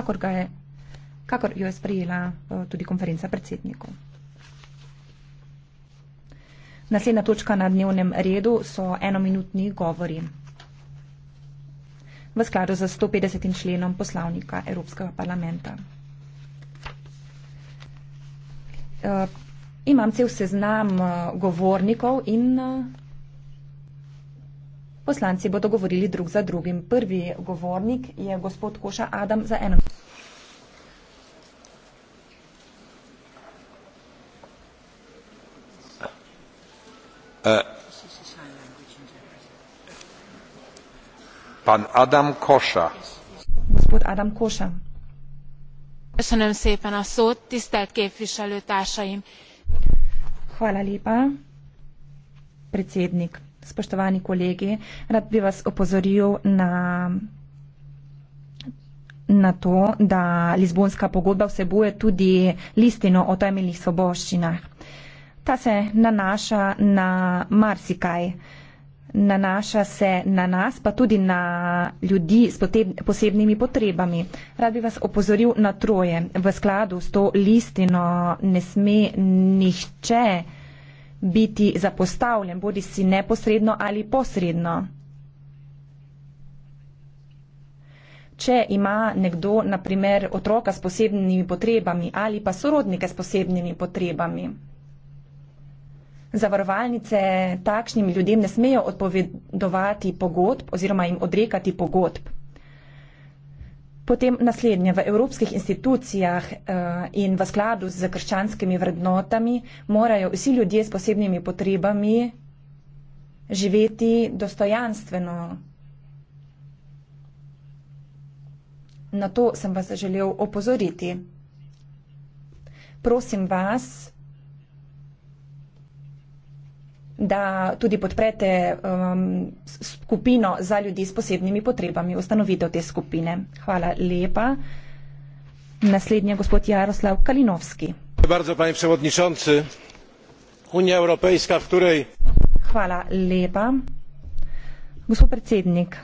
kakor, ga je, kakor jo je sprejela eh, tudi konferenca predsednikov. Naslednja točka na dnevnem redu so enominutni govori v skladu z 150. členom poslavnika Evropskega parlamenta. Uh, imam cel seznam uh, govornikov in uh, Poslanci bodo govorili drug za drugim. Prvi govornik je gospod Koša Adam za eno. Eh. Pan Adam Koša. Gospod Adam Koša. Köszönöm szépen a szót, tisztelt képviselőtársaim! Hvala lepa, predsednik spoštovani kolegi, rad bi vas opozoril na, na to, da Lizbonska pogodba vsebuje tudi listino o temeljnih svoboščinah. Ta se nanaša na marsikaj. Nanaša se na nas, pa tudi na ljudi s posebnimi potrebami. Rad bi vas opozoril na troje. V skladu s to listino ne sme nihče biti zapostavljen, bodi si neposredno ali posredno. Če ima nekdo, na primer, otroka s posebnimi potrebami ali pa sorodnike s posebnimi potrebami. Zavarovalnice takšnim ljudem ne smejo odpovedovati pogodb oziroma jim odrekati pogodb. Potem naslednje, v evropskih institucijah eh, in v skladu z krščanskimi vrednotami morajo vsi ljudje s posebnimi potrebami živeti dostojanstveno. Na to sem vas želel opozoriti. Prosim vas, da tudi podprete um, skupino za ljudi s posebnimi potrebami, ustanovitev te skupine. Hvala lepa. Naslednji je gospod Jaroslav Kalinovski. Bardzo, Unija Evropejska, v kateri. Hvala lepa. Gospod predsednik,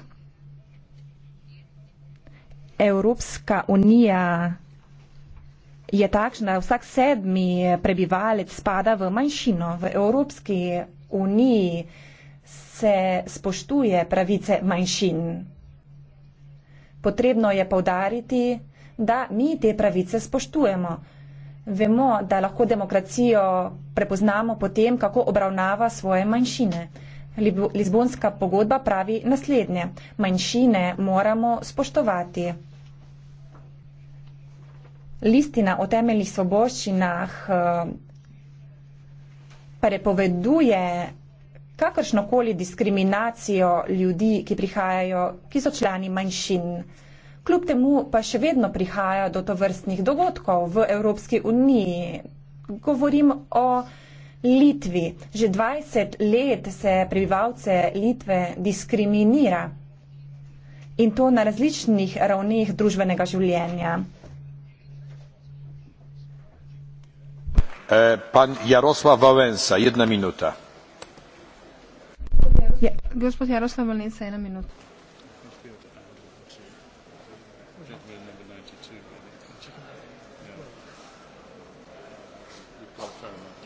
Evropska unija je takšna, da vsak sedmi prebivalec spada v manjšino v Evropski uniji se spoštuje pravice manjšin. Potrebno je povdariti, da mi te pravice spoštujemo. Vemo, da lahko demokracijo prepoznamo potem, kako obravnava svoje manjšine. Lizbonska pogodba pravi naslednje. Manjšine moramo spoštovati. Listina o temeljnih svoboščinah prepoveduje kakršnokoli diskriminacijo ljudi, ki prihajajo, ki so člani manjšin. Kljub temu pa še vedno prihaja do tovrstnih dogodkov v Evropski uniji. Govorim o Litvi. Že 20 let se prebivalce Litve diskriminira. In to na različnih ravneh družbenega življenja. E, jarosław wałęsa ja,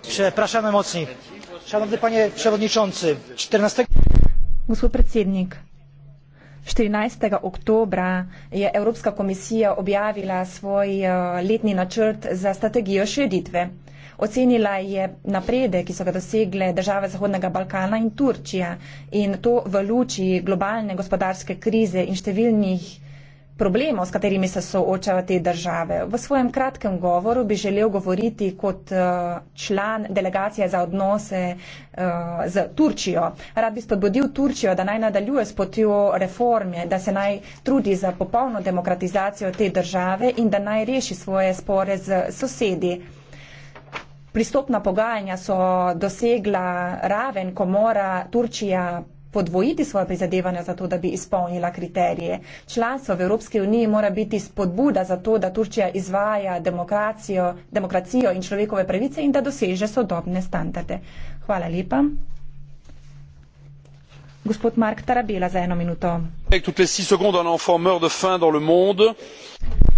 przepraszamy mocniej szanowny panie przewodniczący štirinajst oktobra je evropska komisija objavila svoj e, letni načrt za strategijo širitve. Ocenila je napredek, ki so ga dosegle države Zahodnega Balkana in Turčija in to v luči globalne gospodarske krize in številnih problemov, s katerimi se soočajo te države. V svojem kratkem govoru bi želel govoriti kot eh, član delegacije za odnose eh, z Turčijo. Rad bi spodbudil Turčijo, da naj nadaljuje s potjo reforme, da se naj trudi za popolno demokratizacijo te države in da naj reši svoje spore z sosedi. Pristopna pogajanja so dosegla raven, ko mora Turčija podvojiti svoje prizadevanja za to, da bi izpolnila kriterije. Članstvo v Evropski uniji mora biti spodbuda za to, da Turčija izvaja demokracijo, demokracijo in človekove pravice in da doseže sodobne standarde. Hvala lepa. Gospod Mark Tarabela za eno minuto.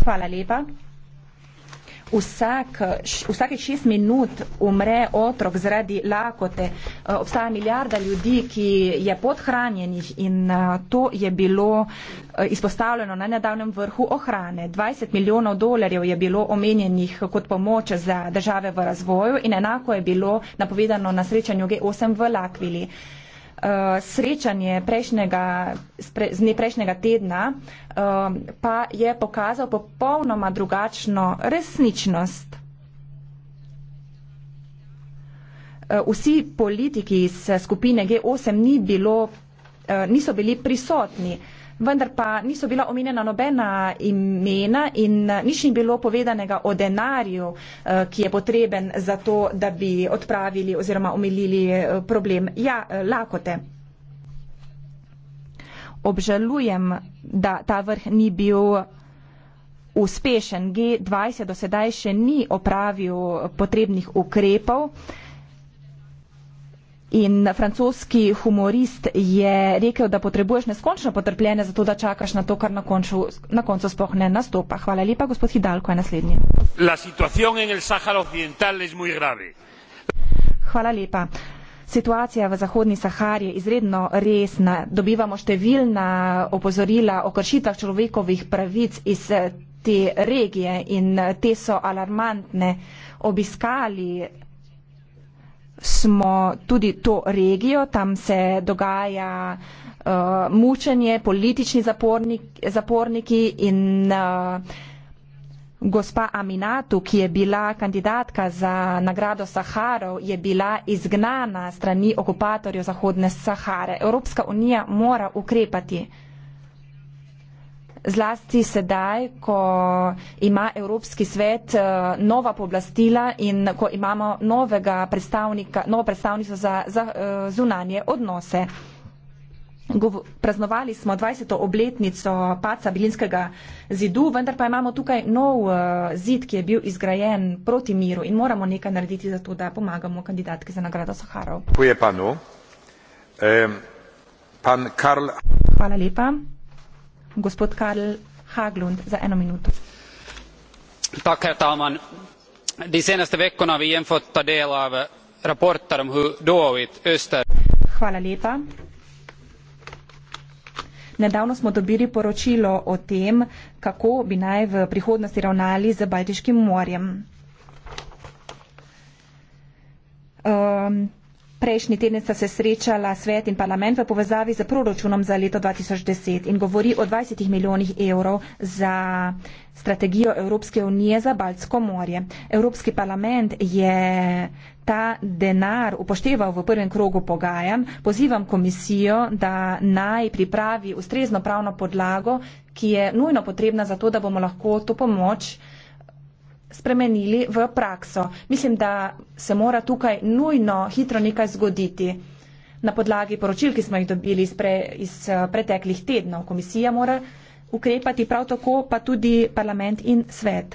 Hvala lepa vsak, vsake šest minut umre otrok zaradi lakote. Eh, obstaja milijarda ljudi, ki je podhranjenih in eh, to je bilo eh, izpostavljeno na nedavnem vrhu ohrane. 20 milijonov dolarjev je bilo omenjenih kot pomoč za države v razvoju in enako je bilo napovedano na srečanju G8 v Lakvili uh, srečanje prejšnjega, spre, z dne prejšnjega tedna uh, pa je pokazal popolnoma drugačno resničnost. Eh, vsi politiki iz skupine G8 ni bilo, niso bili prisotni vendar pa niso bila omenjena nobena imena in eh, nič ni bilo povedanega o denarju, eh, ki je potreben za to, da bi odpravili oziroma omilili eh, problem. Ja, lakote. Obžalujem, da ta vrh ni bil uspešen. G20 do sedaj še ni opravil potrebnih ukrepov. In francoski humorist je rekel, da potrebuješ neskončno potrpljenje, zato da čakaš na to, kar na koncu, na koncu sploh ne nastopa. Hvala lepa, gospod Hidalko je naslednji. Hvala lepa. Situacija v Zahodni Sahari je izredno resna. Dobivamo številna opozorila o kršitvah človekovih pravic iz eh, te regije in eh, te so alarmantne. Obiskali smo tudi to regijo, tam se dogaja uh, mučenje, politični zapornik, zaporniki in uh, gospa Aminatu, ki je bila kandidatka za nagrado Saharov, je bila izgnana strani okupatorjev Zahodne Sahare. Evropska unija mora ukrepati zlasti sedaj, ko ima Evropski svet eh, nova poblastila in ko imamo novega predstavnika, novo predstavnico za, za eh, zunanje odnose. Praznovali smo 20. obletnico paca Bilinskega zidu, vendar pa imamo tukaj nov eh, zid, ki je bil izgrajen proti miru in moramo nekaj narediti za to, da pomagamo kandidatke za nagrado Saharov. Hvala lepa gospod Karl Haglund za eno minuto. Tack, herr talman. De senaste veckorna har vi igen fått ta del av rapporter om hur dåligt Öster... Hvala lepa. Nedavno smo dobili poročilo o tem, kako bi naj v prihodnosti ravnali z Baltiškim morjem. Um, Prejšnji teden sta se srečala svet in parlament v povezavi z proračunom za leto 2010 in govori o 20 milijonih evrov za strategijo Evropske unije za Baltsko morje. Evropski parlament je ta denar upošteval v prvem krogu pogajan. Pozivam komisijo, da naj pripravi ustrezno pravno podlago, ki je nujno potrebna za to, da bomo lahko to pomoč spremenili v prakso. Mislim, da se mora tukaj nujno hitro nekaj zgoditi. Na podlagi poročil, ki smo jih dobili iz, pre, iz eh, preteklih tednov, komisija mora ukrepati, prav tako pa tudi parlament in svet.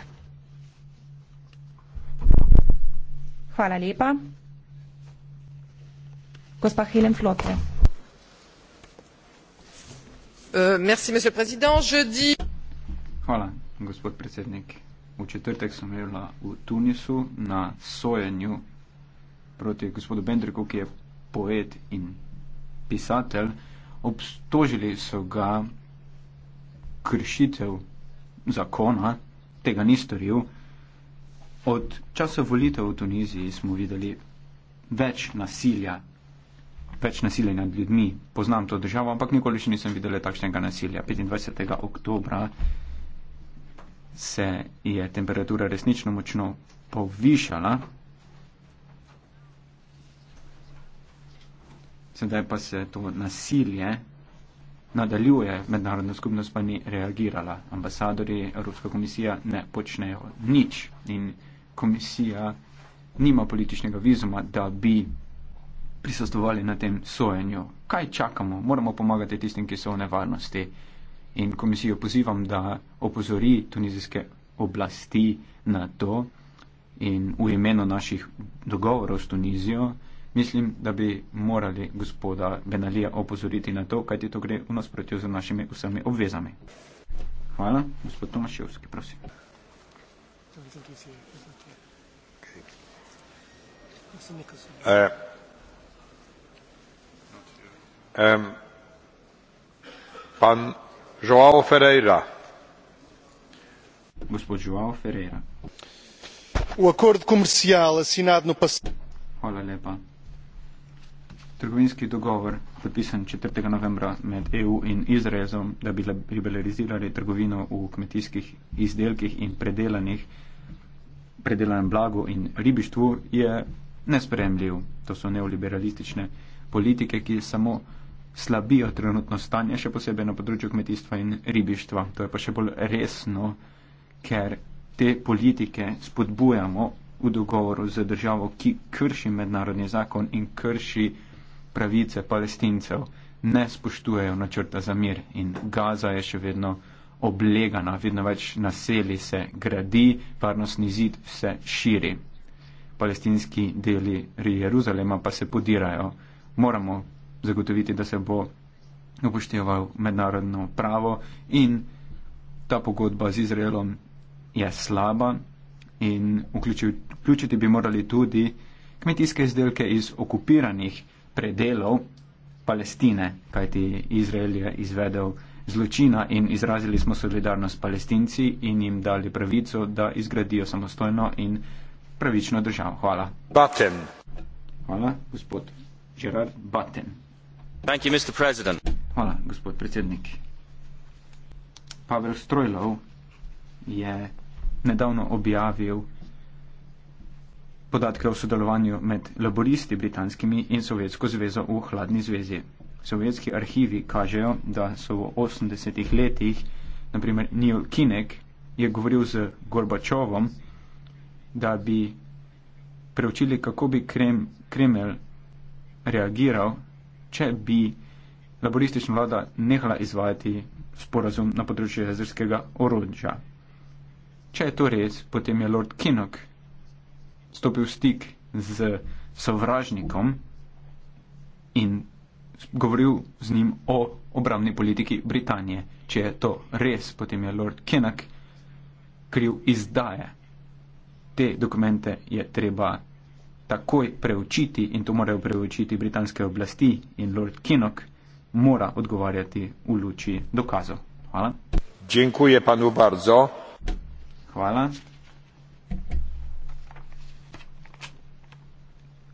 Hvala lepa. Gospa Helen Flotre. Uh, merci, Hvala, gospod predsednik v četrtek sem imela v Tunisu na sojenju proti gospodu Bendriku, ki je poet in pisatelj, obstožili so ga kršitev zakona, tega ni storil. Od časa volitev v Tuniziji smo videli več nasilja, več nasilja nad ljudmi. Poznam to državo, ampak nikoli še nisem videla takšnega nasilja. 25. oktobra se je temperatura resnično močno povišala. Sedaj pa se to nasilje nadaljuje, mednarodna skupnost pa ni reagirala. Ambasadori Evropska komisija ne počnejo nič in komisija nima političnega vizuma, da bi prisostovali na tem sojenju. Kaj čakamo? Moramo pomagati tistim, ki so v nevarnosti. In komisijo pozivam, da opozori tunizijske oblasti na to in v imenu naših dogovorov s Tunizijo, mislim, da bi morali gospoda Benalija opozoriti na to, kaj ti to gre v nasprotju z našimi vsemi obvezami. Hvala, gospod Tomaševski, prosim. Uh, um, pan joão ferreira Gospod joão ferreira o acordo comercial assinado no passado Trgovinski dogovor, podpisan 4. novembra med EU in Izraelom, da bi liberalizirali trgovino v kmetijskih izdelkih in predelanem blagu in ribištvu, je nespremljiv. To so neoliberalistične politike, ki samo slabijo trenutno stanje, še posebej na področju kmetijstva in ribištva. To je pa še bolj resno, ker te politike spodbujamo v dogovoru z državo, ki krši mednarodni zakon in krši pravice palestincev, ne spoštujejo načrta za mir in Gaza je še vedno oblegana, vedno več naseli se gradi, varnostni zid se širi. Palestinski deli Jeruzalema pa se podirajo. Moramo zagotoviti, da se bo upošteval mednarodno pravo in ta pogodba z Izraelom je slaba in vključiti bi morali tudi kmetijske izdelke iz okupiranih predelov Palestine, kajti Izrael je izvedel zločina in izrazili smo solidarnost palestinci in jim dali pravico, da izgradijo samostojno in pravično državo. Hvala. Button. Hvala, gospod Gerard Button. Hvala, gospod predsednik. Pavel Strojlov je nedavno objavil podatke o sodelovanju med laboristi britanskimi in Sovjetsko zvezo v hladni zvezi. Sovjetski arhivi kažejo, da so v 80-ih letih, naprimer Neil Kinek je govoril z Gorbačovom, da bi preučili, kako bi Kreml reagiral če bi laboristična vlada nehala izvajati sporazum na področju jezerskega orodja. Če je to res, potem je Lord Kinok stopil v stik z sovražnikom in govoril z njim o obramni politiki Britanije. Če je to res, potem je Lord Kinok kriv izdaje. Te dokumente je treba takoj preučiti in to morajo preučiti britanske oblasti in Lord Kinnock mora odgovarjati v luči dokazov. Hvala. Dziękuję panu bardzo. Hvala.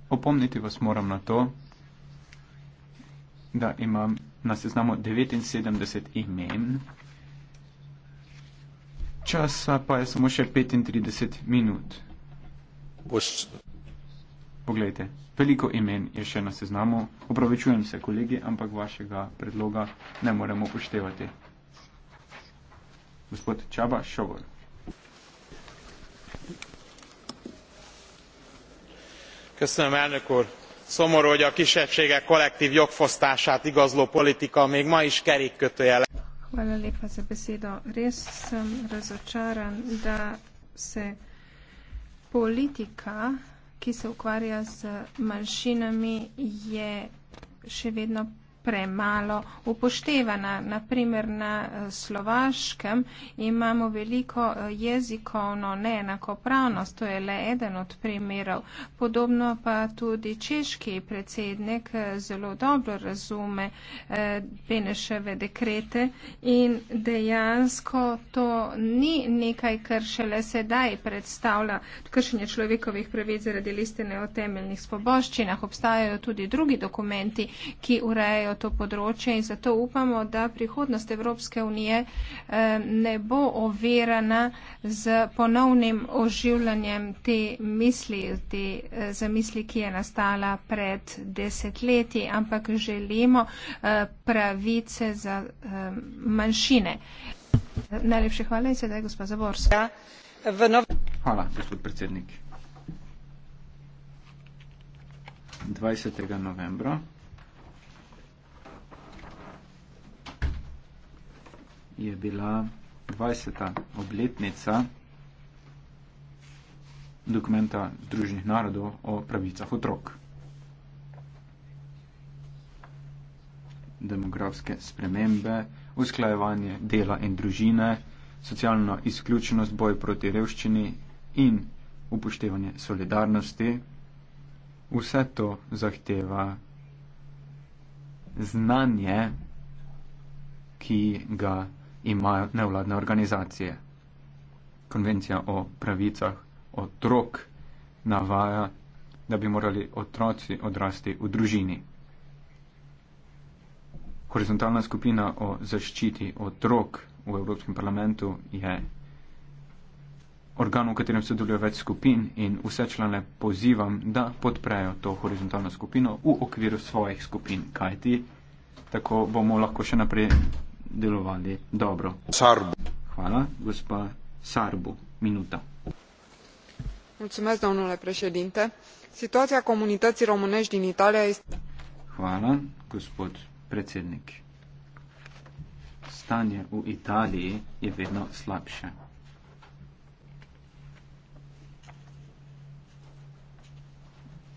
Opomniti vas moram na to, da imam na seznamu 79 imen, časa pa je samo še 35 minut. Poglejte, veliko imen je še na seznamu. Opravičujem se, kolegi, ampak vašega predloga ne moremo upoštevati. Gospod Čaba Šovor. Köszönöm, elnök úr! Szomorú, hogy a kisebbségek kollektív jogfosztását igazló politika még ma is kerékkötőjele. Hvala lepa za besedo. Res sem razočaran, da se politika uh, ki se ukvarja z manjšinami, je še vedno premalo upoštevana. Naprimer na eh, slovaškem imamo veliko eh, jezikovno neenakopravnost, to je le eden od primerov. Podobno pa tudi češki predsednik eh, zelo dobro razume Beneševe dekrete in dejansko to ni nekaj, kar šele sedaj predstavlja kršenje človekovih pravic zaradi listine o temeljnih svoboščinah. Obstajajo tudi drugi dokumenti, ki urejajo urejajo to področje in zato upamo, da prihodnost Evropske unije eh, ne bo overana z ponovnim oživljanjem te misli, te eh, zamisli, ki je nastala pred desetletji, ampak želimo eh, pravice za manjšine. Najlepše hvala in sedaj gospod Zaborsk. Ja, hvala, gospod predsednik. 20. novembra. je bila 20. obletnica dokumenta Združenih narodov o pravicah otrok. Demografske spremembe, usklajevanje dela in družine, socialna izključenost, boj proti revščini in upoštevanje solidarnosti. Vse to zahteva znanje, ki ga imajo nevladne organizacije. Konvencija o pravicah otrok navaja, da bi morali otroci odrasti v družini. Horizontalna skupina o zaščiti otrok v Evropskem parlamentu je organ, v katerem sodeluje več skupin in vse člane pozivam, da podprejo to horizontalno skupino v okviru svojih skupin, kajti tako bomo lahko še naprej delovali dobro. Sarbu. Hvala, gospa Sarbu. Minuta. Mulțumesc, domnule președinte. Situația comunității românești din Italia este... Hvala, gospod predsednik. Stanje u Italiji je vedno slabše.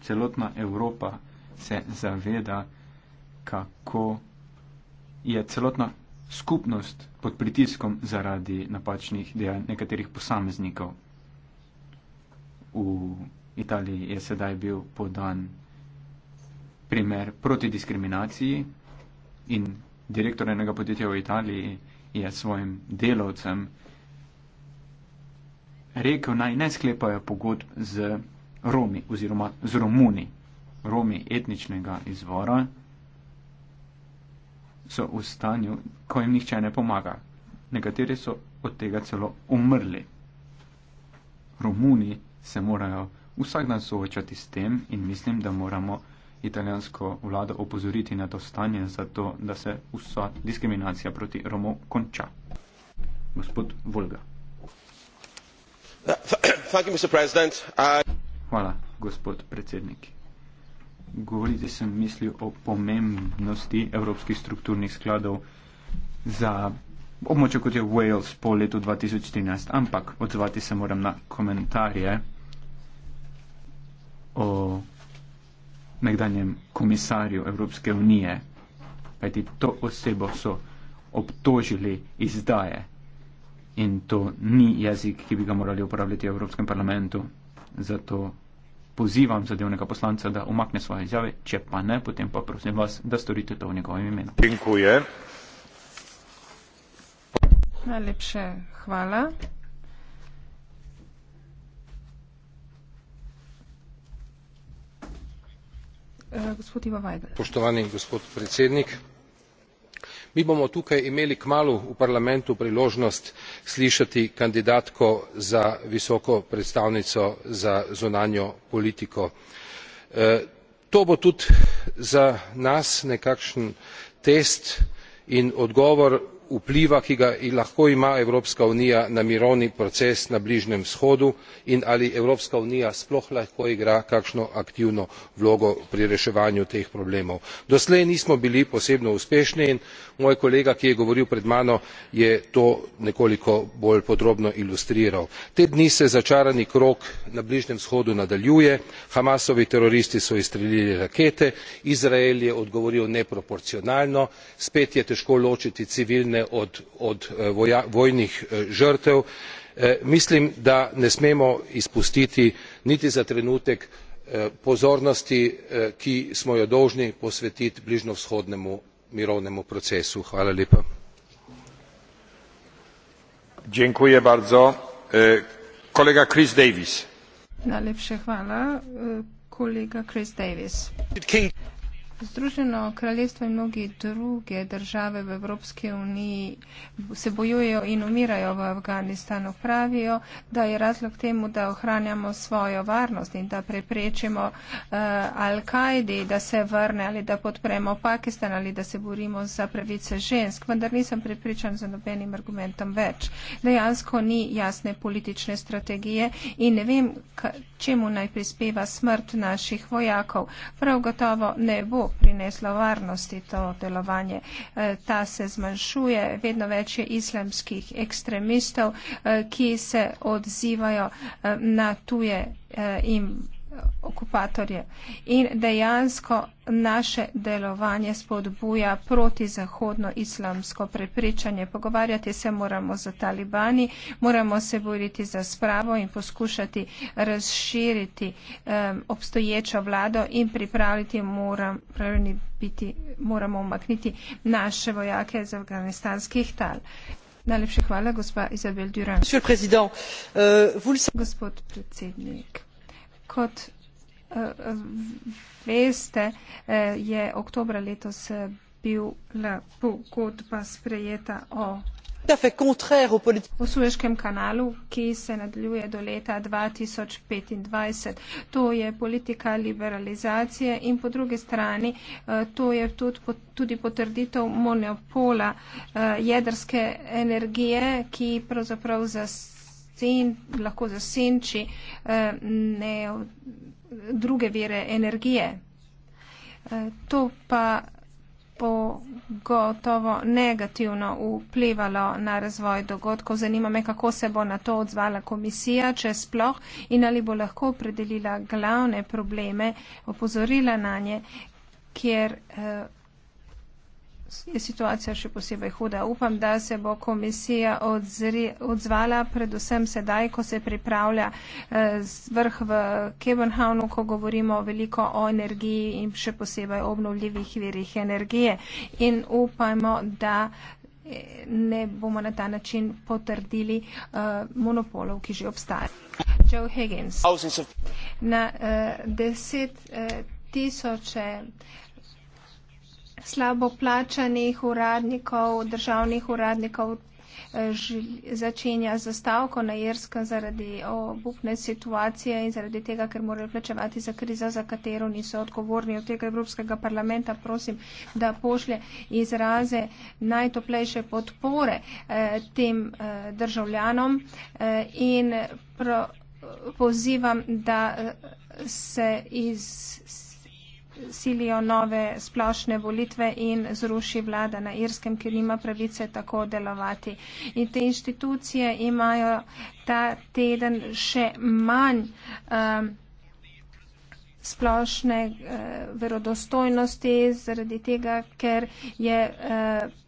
Celotna Evropa se zaveda, kako je celotna skupnost pod pritiskom zaradi napačnih dejanj nekaterih posameznikov. V Italiji je sedaj bil podan primer proti diskriminaciji in direktor enega podjetja v Italiji je svojim delavcem rekel naj ne sklepajo pogodb z Romi oziroma z Romuni, Romi etničnega izvora, so v stanju, ko jim nihče ne pomaga. Nekateri so od tega celo umrli. Romuni se morajo vsak dan soočati s tem in mislim, da moramo italijansko vlado opozoriti na to stanje, zato da se vsa diskriminacija proti Romov konča. Gospod Volga. Hvala, gospod predsednik govoriti, sem mislil o pomembnosti evropskih strukturnih skladov za območje, kot je Wales po letu 2013, ampak odzvati se moram na komentarje o nekdanjem komisarju Evropske unije, kajti to osebo so obtožili izdaje in to ni jezik, ki bi ga morali uporabljati v Evropskem parlamentu, zato pozivam zadevnega poslanca, da umakne svoje izjave, če pa ne, potem pa prosim vas, da storite to v njegovem imenu. Dinkuje. Najlepše hvala. E, gospod Ivo Vajdel. Poštovani gospod predsednik mi bomo tukaj imeli kmalu v parlamentu priložnost slišati kandidatko za visoko predstavnico za zunanjo politiko. E, to bo tudi za nas nekakšen test in odgovor vpliva ki ga lahko ima evropska unija na mirovni proces na bližnjem vzhodu in ali evropska unija sploh lahko igra kakšno aktivno vlogo pri reševanju teh problemov. doslej nismo bili posebno uspešni in moj kolega ki je govoril pred mano je to nekoliko bolj podrobno ilustriral. te dni se začarani krog na bližnjem vzhodu nadaljuje hamasovi teroristi so izstrelili rakete izrael je odgovoril neproporcionalno spet je težko ločiti civilne rane od e, vojnih e, žrtev e, mislim da ne smemo izpustiti niti za trenutek pozornosti ki smo jo dolžni posvetiti bližnjevzhodnemu mirovnemu procesu. Združeno kraljestvo in mnogi druge države v Evropski uniji se bojujejo in umirajo v Afganistanu. Pravijo, da je razlog temu, da ohranjamo svojo varnost in da preprečimo uh, Al-Kaidi, da se vrne ali da podpremo Pakistan ali da se borimo za pravice žensk. Vendar nisem prepričan za nobenim argumentom več. Dejansko ni jasne politične strategije in ne vem, čemu naj prispeva smrt naših vojakov. Prav gotovo ne bo prineslo varnosti to delovanje. E, ta se zmanjšuje, vedno več je islamskih ekstremistov, e, ki se odzivajo e, na tuje in okupatorje. In dejansko naše delovanje spodbuja protizahodno islamsko prepričanje. Pogovarjati se moramo z talibani, moramo se boriti za spravo in poskušati razširiti um, obstoječo vlado in pripraviti moram, biti, moramo umakniti naše vojake iz afganistanskih tal. Najlepša hvala, gospa Izabel Durand. Euh, Gospod predsednik kot eh, veste, eh, je oktobra letos eh, bil la pogodba sprejeta o posuješkem kanalu, ki se nadaljuje do leta 2025. To je politika liberalizacije in po drugi strani to je tudi potrditev monopola jedrske energije, ki pravzaprav zastavlja sen, lahko zasenči eh, ne, druge vere energije. Eh, to pa bo gotovo negativno vplivalo na razvoj dogodkov. Zanima me, kako se bo na to odzvala komisija, če sploh, in ali bo lahko opredelila glavne probleme, opozorila na nje, kjer eh, je situacija še posebej huda. Upam, da se bo komisija odzri, odzvala predvsem sedaj, ko se pripravlja eh, vrh v Kevenhavnu, ko govorimo veliko o energiji in še posebej o obnovljivih verjih energije. In upajmo, da eh, ne bomo na ta način potrdili eh, monopolov, ki že obstajajo. Na deset tisoče slabo plačanih uradnikov, državnih uradnikov eh, začenja za stavko na Jerskem zaradi obupne situacije in zaradi tega, ker morajo plačevati za krizo, za katero niso odgovorni. Od tega Evropskega parlamenta prosim, da pošlje izraze najtoplejše podpore eh, tem eh, državljanom in pozivam, da se iz silijo nove splošne volitve in zruši vlada na Irskem, ki nima pravice tako delovati. In te inštitucije imajo ta teden še manj um, splošne uh, verodostojnosti zaradi tega, ker je. Uh,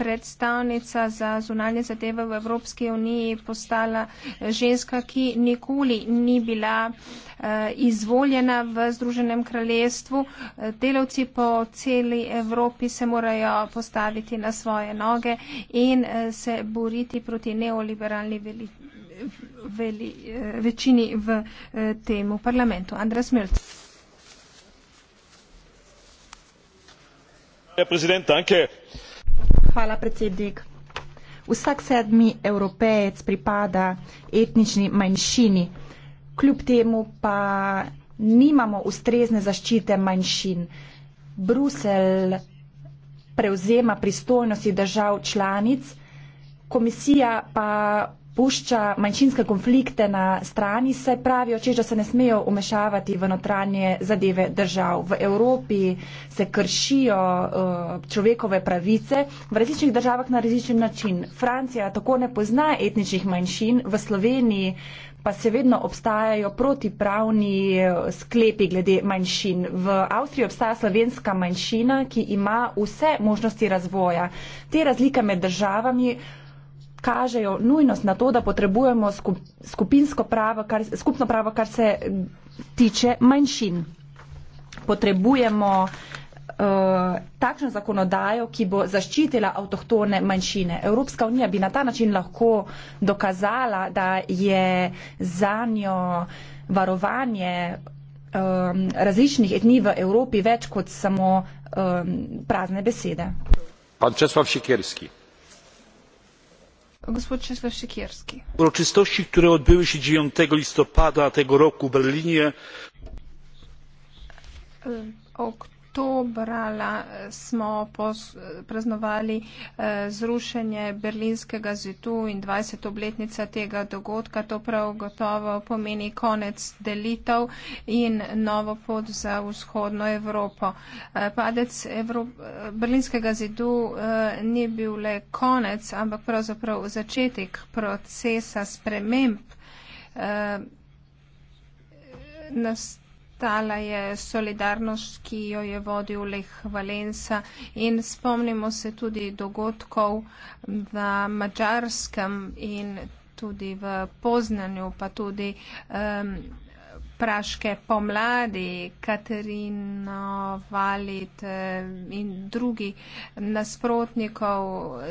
predstavnica za zunanje zadeve v Evropski uniji postala eh, ženska, ki nikoli ni bila eh, izvoljena v Združenem kraljestvu. Eh, delavci po celi Evropi se morajo postaviti na svoje noge in se boriti proti neoliberalni veliki. Veli, večini v temu parlamentu. Andres Milc. Ja, predsednik, danke. Hvala, predsednik. Vsak sedmi evropejec pripada etnični manjšini, kljub temu pa nimamo ustrezne zaščite manjšin. Brusel prevzema pristojnosti držav članic, komisija pa pušča manjšinske konflikte na strani, se pravijo, če že se ne smejo umešavati v notranje zadeve držav. V Evropi se kršijo uh, človekove pravice v različnih državah na različen način. Francija tako ne pozna etničnih manjšin, v Sloveniji pa se vedno obstajajo protipravni eh, sklepi glede manjšin. V Avstriji obstaja slovenska manjšina, ki ima vse možnosti razvoja. Te razlike med državami kažejo nujnost na to, da potrebujemo skupinsko pravo, kar, skupno pravo, kar se tiče manjšin. Potrebujemo uh, takšno zakonodajo, ki bo zaščitila avtohtone manjšine. Evropska unija bi na ta način lahko dokazala, da je za njo varovanje um, različnih etni v Evropi več kot samo um, prazne besede. Pan Česlav Šikerski uroczystości które odbyły się dziewięć listopada tego roku w berlinie o których mówił pan komisarz potwierdzają oktobra eh, smo pos, eh, praznovali eh, zrušenje berlinskega zidu in 20 obletnica tega dogodka. To prav gotovo pomeni konec delitev in novo pot za vzhodno Evropo. Eh, padec Evrop eh, berlinskega zidu eh, ni bil le konec, ampak pravzaprav začetek procesa sprememb. Eh, Tala je solidarnost, ki jo je vodil Leh Valensa in spomnimo se tudi dogodkov v Mačarskem in tudi v Poznanju, pa tudi um, Praške pomladi, Katerino Valit eh, in drugi nasprotnikov,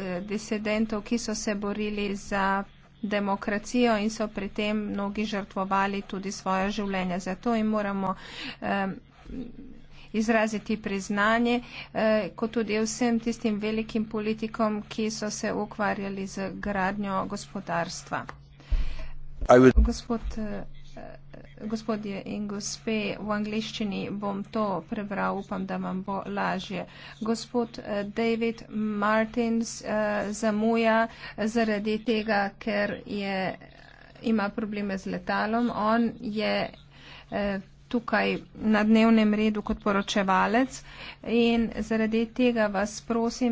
eh, disidentov, ki so se borili za demokracijo in so pri tem mnogi žrtvovali tudi svoje življenje. Zato jim moramo izraziti priznanje, eh, kot tudi vsem tistim velikim politikom, ki so se ukvarjali z gradnjo gospodarstva. Gospod eh, gospodje in gospe, v angliščini bom to prebral, upam, da vam bo lažje. Gospod eh, David Martins eh, zamuja zaradi tega, ker je, ima probleme z letalom. On je eh, tukaj na dnevnem redu kot poročevalec in zaradi tega vas prosim,